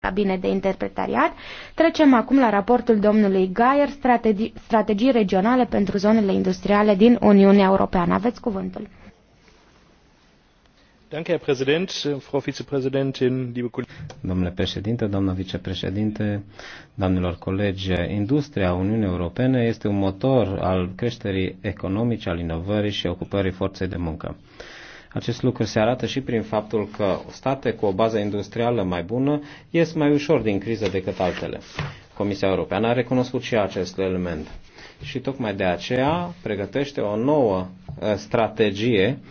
cabine de interpretariat. Trecem acum la raportul domnului Gaier, strategii, strategii regionale pentru zonele industriale din Uniunea Europeană. Aveți cuvântul. Danke, Herr Präsident, Frau Vizepräsidentin, liebe Kollegen. Domnule președinte, doamna vicepreședinte, doamnelor colegi, industria Uniunii Europene este un motor al creșterii economice, al inovării și ocupării forței de muncă. Acest lucru se arată și prin faptul că state cu o bază industrială mai bună ies mai ușor din criză decât altele. Comisia Europeană a recunoscut și acest element. Și tocmai de aceea pregătește o nouă uh, strategie uh,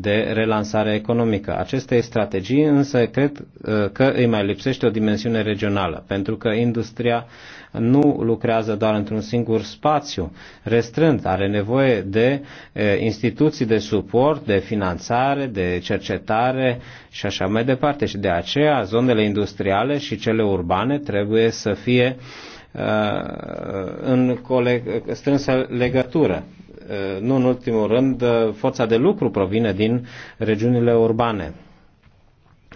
de relansare economică. Acestei strategii însă cred uh, că îi mai lipsește o dimensiune regională, pentru că industria nu lucrează doar într-un singur spațiu restrânt, are nevoie de uh, instituții de suport, de finanțare, de cercetare și așa mai departe. Și de aceea zonele industriale și cele urbane trebuie să fie uh, în strânsă legătură. Eh, nu în ultimul rând, eh, forța de lucru provine din regiunile urbane.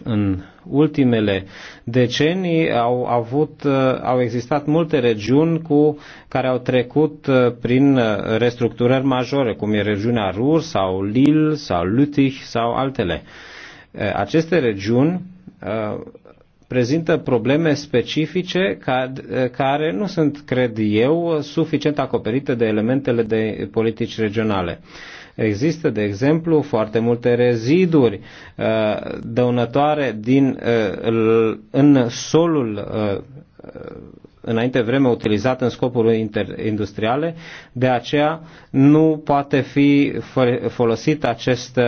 În ultimele decenii au, avut, eh, au existat multe regiuni cu, care au trecut prin restructurări majore, cum e regiunea Rur sau Lille sau Lüttich sau altele. Aceste regiuni prezintă probleme specifice care nu sunt, cred eu, suficient acoperite de elementele de politici regionale. Există, de exemplu, foarte multe reziduri uh, dăunătoare din, uh, în solul uh, înainte vreme utilizat în scopuri industriale, de aceea nu poate fi folosit acest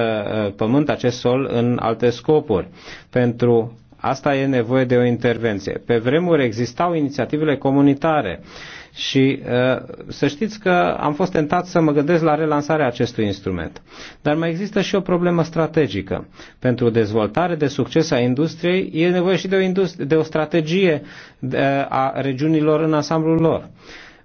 pământ, acest sol în alte scopuri. Pentru Asta e nevoie de o intervenție. Pe vremuri existau inițiativele comunitare și uh, să știți că am fost tentat să mă gândesc la relansarea acestui instrument. Dar mai există și o problemă strategică. Pentru dezvoltare de succes a industriei e nevoie și de o, de o strategie uh, a regiunilor în ansamblul lor.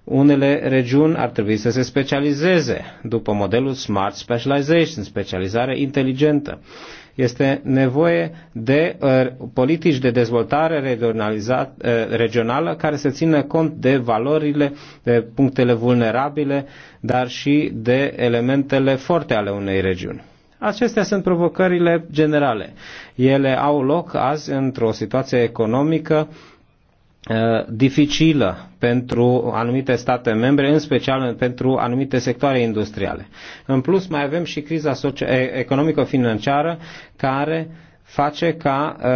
Unele regiuni ar trebui să se specializeze după modelul Smart Specialization, specializare inteligentă. Uh, este nevoie de uh, politici de dezvoltare uh, regională care să țină cont de valorile, de punctele vulnerabile, dar și de elementele forte ale unei regiuni. Acestea sunt provocările generale. Ele au loc azi într-o situație economică Uh, dificilă pentru anumite state membre, în special pentru anumite sectoare industriale. În plus, mai avem și criza economico-financiară care face ca uh,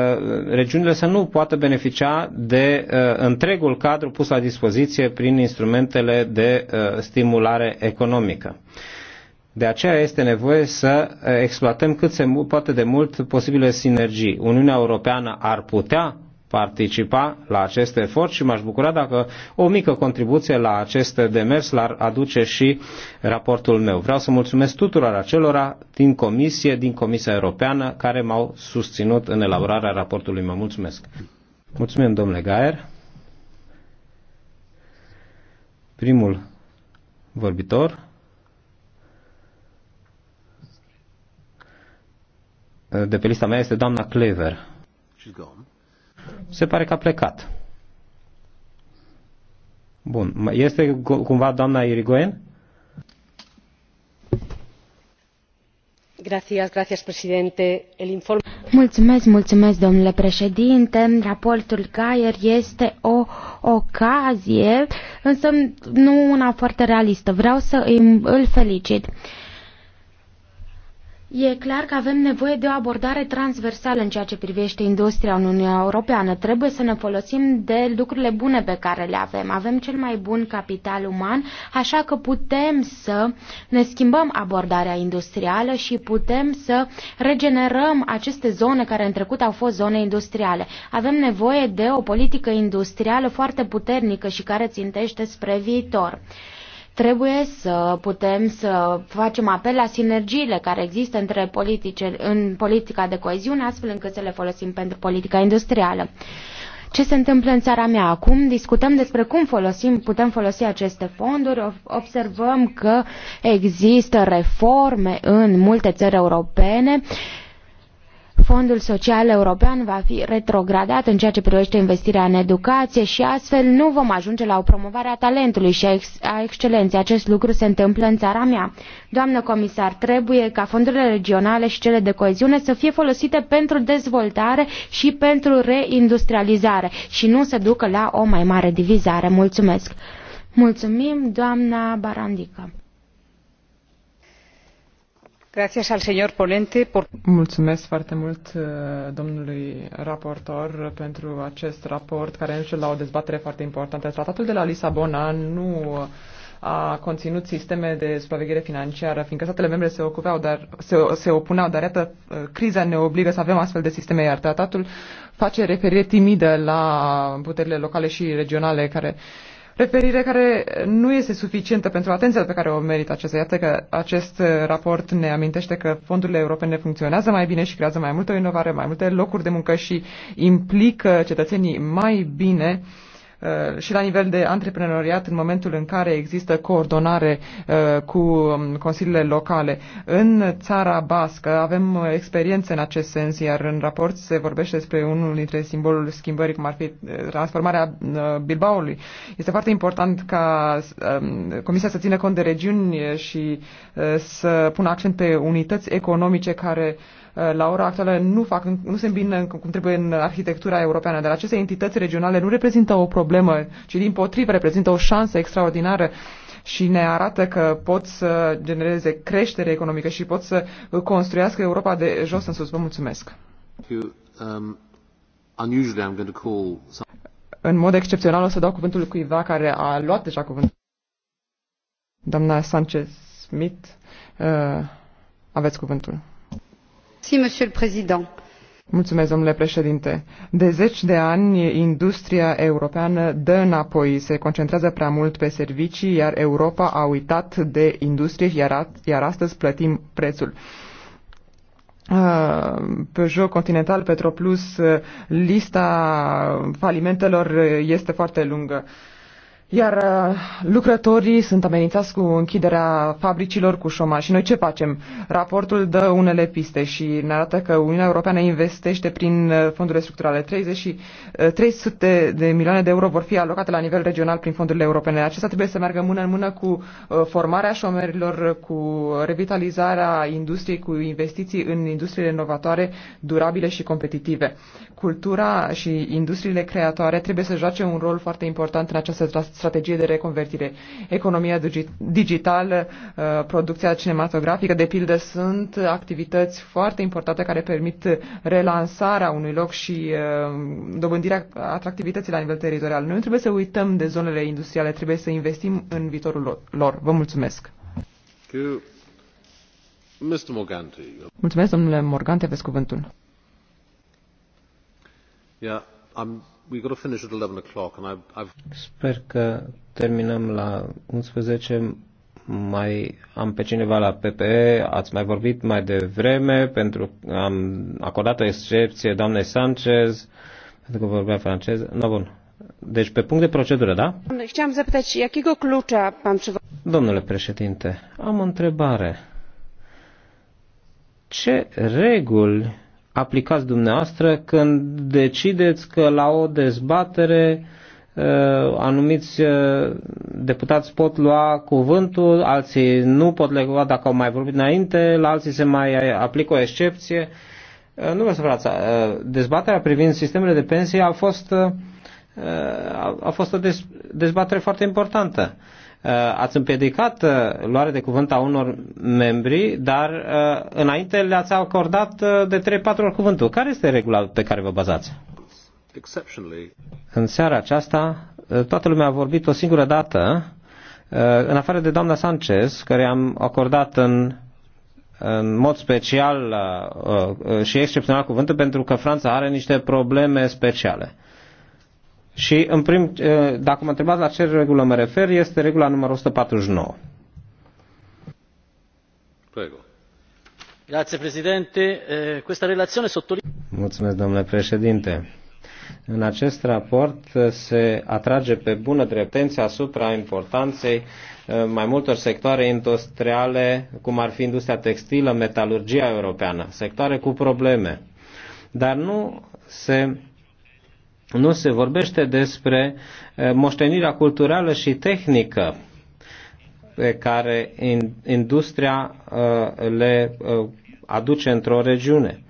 regiunile să nu poată beneficia de uh, întregul cadru pus la dispoziție prin instrumentele de uh, stimulare economică. De aceea este nevoie să uh, exploatăm cât se poate de mult posibile sinergii. Uniunea Europeană ar putea participa la acest efort și m-aș bucura dacă o mică contribuție la acest demers l-ar aduce și raportul meu. Vreau să mulțumesc tuturor acelora din Comisie, din Comisia Europeană, care m-au susținut în elaborarea raportului Mă Mulțumesc! Mulțumim, domnule Gaer. Primul vorbitor de pe lista mea este doamna Clever. She's gone. Se pare că a plecat. Bun. Este cumva doamna Irigoyen? Gracias, gracias, presidente. El informe... Mulțumesc, mulțumesc, domnule președinte. Raportul Gaier este o ocazie, însă nu una foarte realistă. Vreau să îl felicit. E clar că avem nevoie de o abordare transversală în ceea ce privește industria în Uniunea Europeană. Trebuie să ne folosim de lucrurile bune pe care le avem. Avem cel mai bun capital uman, așa că putem să ne schimbăm abordarea industrială și putem să regenerăm aceste zone care în trecut au fost zone industriale. Avem nevoie de o politică industrială foarte puternică și care țintește spre viitor. Trebuie să putem să facem apel la sinergiile care există între politice, în politica de coeziune, astfel încât să le folosim pentru politica industrială ce se întâmplă în țara mea acum. Discutăm despre cum folosim, putem folosi aceste fonduri. Observăm că există reforme în multe țări europene Fondul Social European va fi retrogradat în ceea ce privește investirea în educație și astfel nu vom ajunge la o promovare a talentului și a, ex- a excelenței. Acest lucru se întâmplă în țara mea. Doamnă comisar, trebuie ca fondurile regionale și cele de coeziune să fie folosite pentru dezvoltare și pentru reindustrializare și nu să ducă la o mai mare divizare. Mulțumesc! Mulțumim, doamna Barandică! Mulțumesc foarte mult uh, domnului raportor pentru acest raport care duce la o dezbatere foarte importantă. Tratatul de la Lisabona nu a conținut sisteme de supraveghere financiară, fiindcă statele membre se, ocupeau, dar, se, se opuneau, dar iată, uh, criza ne obligă să avem astfel de sisteme, iar tratatul face referire timidă la puterile locale și regionale care uh, referire care nu este suficientă pentru atenția pe care o merită acesta. Iată că acest raport ne amintește că fondurile europene funcționează mai bine și creează mai multă inovare, mai multe locuri de muncă și implică cetățenii mai bine uh, Uh, și la nivel de antreprenoriat în momentul în care există coordonare uh, cu um, consiliile locale. În țara bască avem uh, experiențe în acest sens, iar în raport se vorbește despre unul dintre simbolul schimbării, cum ar fi transformarea Bilbaului. Este foarte important ca um, Comisia să țină cont de regiuni și să pună accent pe unități economice care uh, Eh, la ora actuală nu, fac, nu se îmbină cum trebuie în arhitectura europeană, dar aceste entități regionale nu reprezintă o problemă, ci din potrivă reprezintă o șansă extraordinară și ne arată că pot să genereze creștere economică și pot să construiască Europa de jos în sus. Vă mulțumesc! Um, în mod excepțional o să dau cuvântul cuiva care a luat deja cuvântul. Doamna Sanchez Smith, uh, aveți cuvântul. Mulțumesc, domnule președinte. De zeci de ani, industria europeană dă înapoi, se concentrează prea mult pe servicii, iar Europa a uitat de industrie, iar, iar astăzi plătim prețul. Uh, Peugeot Continental, Petroplus, uh, lista falimentelor uh, este foarte lungă. Iar uh, lucrătorii sunt amenințați cu închiderea fabricilor cu șomaj. Și noi ce facem? Raportul dă unele piste și ne arată că Uniunea Europeană investește prin uh, fondurile structurale. 30 și, 300 uh, de milioane de euro vor fi alocate la nivel regional prin fondurile europene. Acesta trebuie să meargă mână în mână cu formarea șomerilor, cu revitalizarea industriei, cu investiții în industriile inovatoare, durabile și competitive. Cultura și industriile creatoare trebuie să joace un rol foarte important în această trans strategie de reconvertire. Economia digitală, uh, producția cinematografică, de pildă, sunt activități foarte importante care permit relansarea unui loc și uh, dobândirea atractivității la nivel teritorial. Noi trebuie să uităm de zonele industriale, trebuie să investim în viitorul lor. Vă mulțumesc! Mulțumesc, domnule Morgan, aveți cuvântul. Yeah, I'm Sper că terminăm la 11 mai am pe cineva la PPE, ați mai vorbit mai devreme, pentru că am acordat o excepție doamnei Sanchez, pentru că vorbea franceză. No, bun. Deci pe punct de procedură, da? Domnule președinte, am o întrebare. Ce reguli aplicați dumneavoastră când decideți că la o dezbatere uh, anumiți uh, deputați pot lua cuvântul, alții nu pot lua dacă au mai vorbit înainte, la alții se mai aplică o excepție. Uh, nu vă supărați, dezbaterea privind sistemele de pensie a fost, a fost o dezbatere foarte importantă. Uh, ați împiedicat uh, luarea de cuvânt a unor membri, dar uh, înainte le-ați acordat de 3-4 ori cuvântul. Care este regula pe care vă bazați? În seara aceasta, toată lumea a vorbit o singură dată, în afară de doamna Sanchez, care am acordat în în mod special și excepțional cuvântul pentru că Franța are niște probleme speciale. Și, în prim, eh, dacă mă întrebați la ce regulă mă refer, este regula numărul 149. Prego. Grazie, Presidente. Eh, questa relazione sottolinea... Mulțumesc, domnule președinte. În acest raport eh, se atrage pe bună dreptenție asupra importanței mai multor sectoare industriale, cum ar fi industria textilă, metalurgia europeană, sectoare cu probleme. Dar nu se nu se vorbește despre moștenirea culturală și tehnică pe care industria le aduce într-o regiune.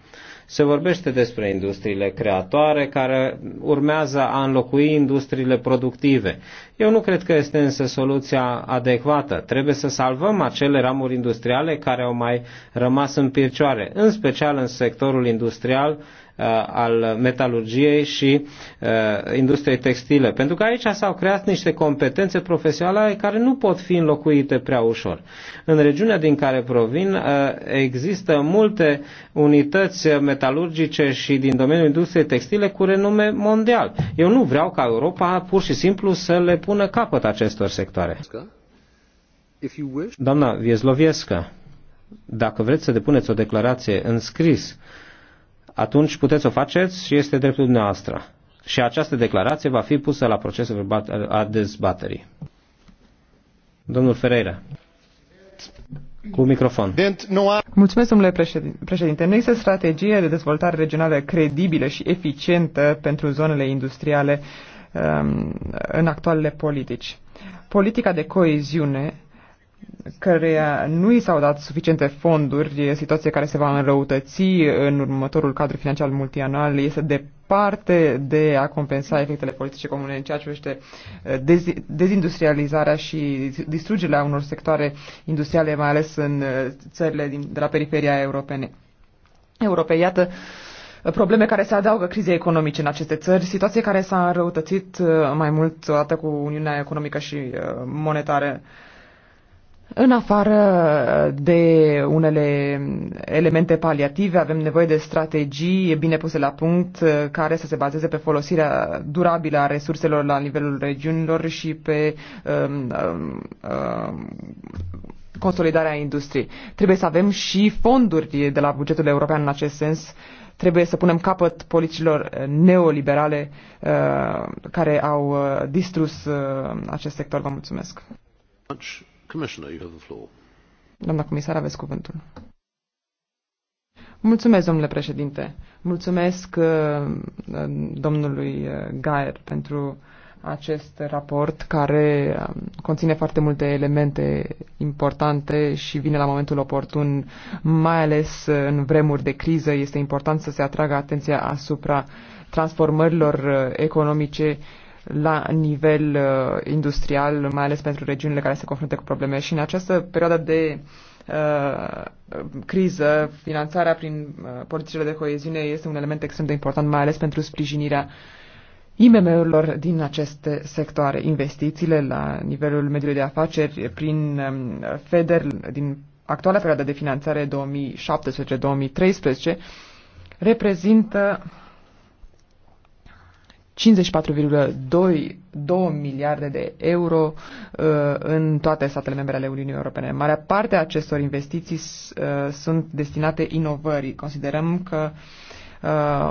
Se vorbește despre industriile creatoare care urmează a înlocui industriile productive. Eu nu cred că este însă soluția adecvată. Trebuie să salvăm acele ramuri industriale care au mai rămas în picioare, în special în sectorul industrial, Uh, al metalurgiei și uh, industriei textile. Pentru că aici s-au creat niște competențe profesionale care nu pot fi înlocuite prea ușor. În regiunea din care provin uh, există multe unități metalurgice și din domeniul industriei textile cu renume mondial. Eu nu vreau ca Europa pur și simplu să le pună capăt acestor sectoare. Doamna Viezloviescă, dacă vreți să depuneți o declarație în scris atunci puteți o faceți și este dreptul dumneavoastră. Și această declarație va fi pusă la procesul a dezbaterii. Domnul Ferreira. Cu microfon. Mulțumesc, domnule președinte. Nu există strategie de dezvoltare regională credibilă și eficientă pentru zonele industriale um, în actualele politici. Politica de coeziune care nu i s-au dat suficiente fonduri, situație care se va înrăutăți în următorul cadru financiar multianual, este departe de a compensa efectele politice comune în ceea ce privește uh, dezindustrializarea și distrugerea unor sectoare industriale, mai ales în uh, țările din, de la periferia europene. Europei, iată, uh, probleme care se adaugă crizei economice în aceste țări, situație care s-a înrăutățit mai mult odată cu Uniunea Economică și Monetară în afară de unele elemente paliative, avem nevoie de strategii bine puse la punct uh, care să se bazeze pe folosirea durabilă a resurselor la nivelul regiunilor și pe um, um, um, consolidarea industriei. Trebuie să avem și fonduri de la bugetul european în acest sens. Trebuie să punem capăt politicilor neoliberale uh, care au uh, distrus uh, acest sector. Vă mulțumesc. Much. Commissioner, you have the floor. Doamna comisar, aveți cuvântul. Mulțumesc, domnule președinte. Mulțumesc uh, domnului uh, Gaer pentru acest raport care um, conține foarte multe elemente importante și vine la momentul oportun, mai ales uh, în vremuri de criză. Este important să se atragă atenția asupra transformărilor economice la nivel uh, industrial, mai ales pentru regiunile care se confruntă cu probleme. Și în această perioadă de uh, criză, finanțarea prin uh, politicile de coeziune este un element extrem de important, mai ales pentru sprijinirea IMM-urilor din aceste sectoare, investițiile la nivelul mediului de afaceri prin um, FEDER din actuala perioadă de finanțare 2017-2013 reprezintă 54,2 miliarde de euro uh, în toate statele membre ale Uniunii Europene. Marea parte a acestor investiții uh, sunt destinate inovării. Considerăm că uh,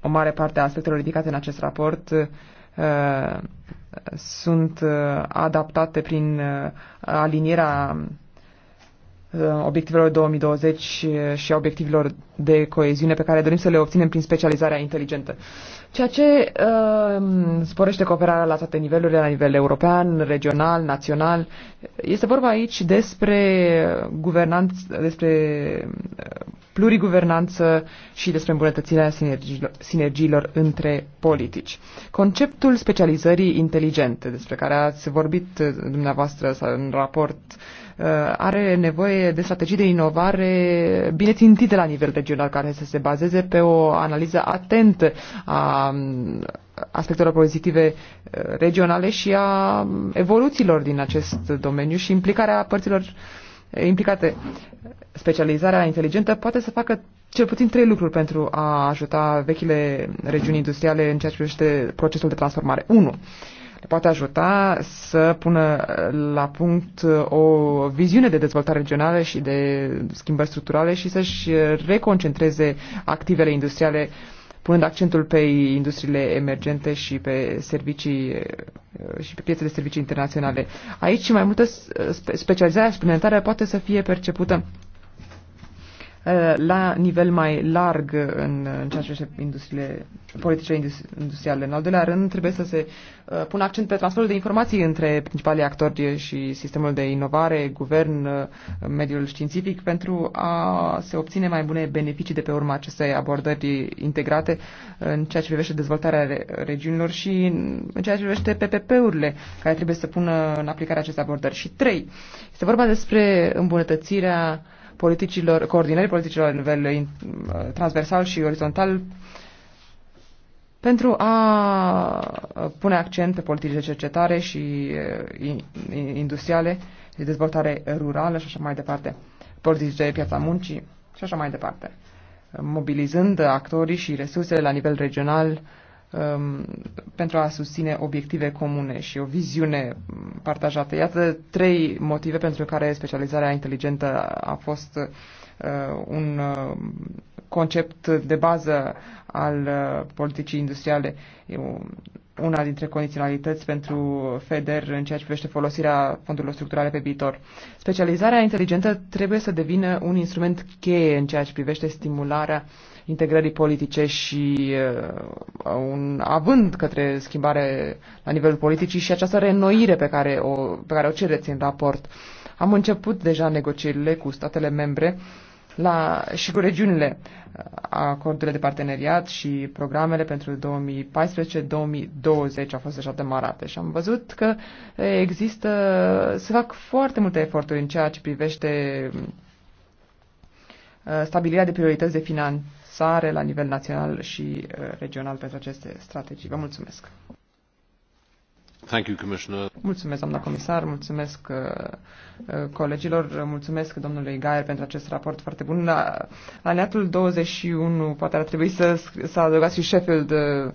o mare parte a aspectelor ridicate în acest raport sunt adaptate prin alinierea obiectivelor 2020 și obiectivelor de coeziune pe care dorim să le obținem prin specializarea inteligentă. Ceea ce uh, sporește cooperarea la toate nivelurile, la nivel european, regional, național. Este vorba aici despre guvernanță, despre uh, pluriguvernanță și despre îmbunătățirea sinergiilor, sinergiilor între politici. Conceptul specializării inteligente, despre care ați vorbit uh, dumneavoastră în raport, uh, are nevoie de strategii de inovare bine țintite la nivel de regional care să se bazeze pe o analiză atentă a mm, aspectelor pozitive eh, regionale și a mm, evoluțiilor din acest domeniu și implicarea părților eh, implicate. Specializarea inteligentă poate să facă cel puțin trei lucruri pentru a ajuta vechile regiuni industriale în ceea ce privește procesul de transformare. 1 poate ajuta să pună la punct uh, o viziune de dezvoltare regională și de schimbări structurale și să-și reconcentreze activele industriale punând accentul pe industriile emergente și pe servicii uh, și pe piețele servicii internaționale. Aici mai multă specializarea suplimentară poate să fie percepută Eh, la nivel mai larg în, în ceea ce privește industriile, politice, industriale. În al doilea rând, trebuie să se eh, pună accent pe transferul de informații între principalii actori și sistemul de inovare, guvern, eh, mediul științific, pentru a se obține mai bune beneficii de pe urma acestei abordări integrate în ceea ce privește dezvoltarea regiunilor și în ceea ce privește PPP-urile care trebuie să pună în aplicare aceste abordări. Și trei, este vorba despre îmbunătățirea uh, politicilor, coordinării politicilor la nivel uh, uh, transversal și orizontal pentru a uh, pune accent pe politici de cercetare și industriale, de dezvoltare rurală și așa mai departe, politici de piața muncii și așa mai departe, mobilizând actorii și resursele la nivel regional, um, pentru a susține obiective comune și o viziune partajată. Iată trei motive pentru care specializarea inteligentă a fost uh, un uh, concept de bază al uh, politicii industriale. Eu, una dintre condiționalități pentru FEDER în ceea ce privește folosirea fondurilor structurale pe viitor. Specializarea inteligentă trebuie să devină un instrument cheie în ceea ce privește stimularea integrării politice și uh, un având către schimbare la nivelul politicii și această reînnoire pe care o, pe care o cereți în raport. Am început deja negocierile cu statele membre uh, la, și cu regiunile acordurile de parteneriat și programele pentru 2014-2020 au fost deja demarate și am văzut că există, se fac foarte multe eforturi în ceea ce privește uh, stabilirea de priorități de finanțare la nivel național și uh, regional pentru aceste strategii. Vă mulțumesc! Thank you, Commissioner. Mulțumesc, doamna comisar, mulțumesc uh, uh, colegilor, mulțumesc domnului Gaier pentru acest raport foarte bun. La alineatul 21 poate ar trebui să, să adăugați și Sheffield, uh,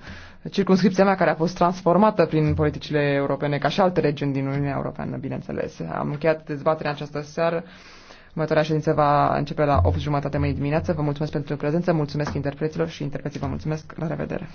circunscripția mea care a fost transformată prin politicile europene, ca și alte regiuni din Uniunea Europeană, bineînțeles. Am încheiat dezbaterea această seară. Următoarea ședință va începe la 8.30 jumătate mâine dimineață. Vă mulțumesc pentru prezență, mulțumesc interpreților și interpreții vă mulțumesc. La revedere!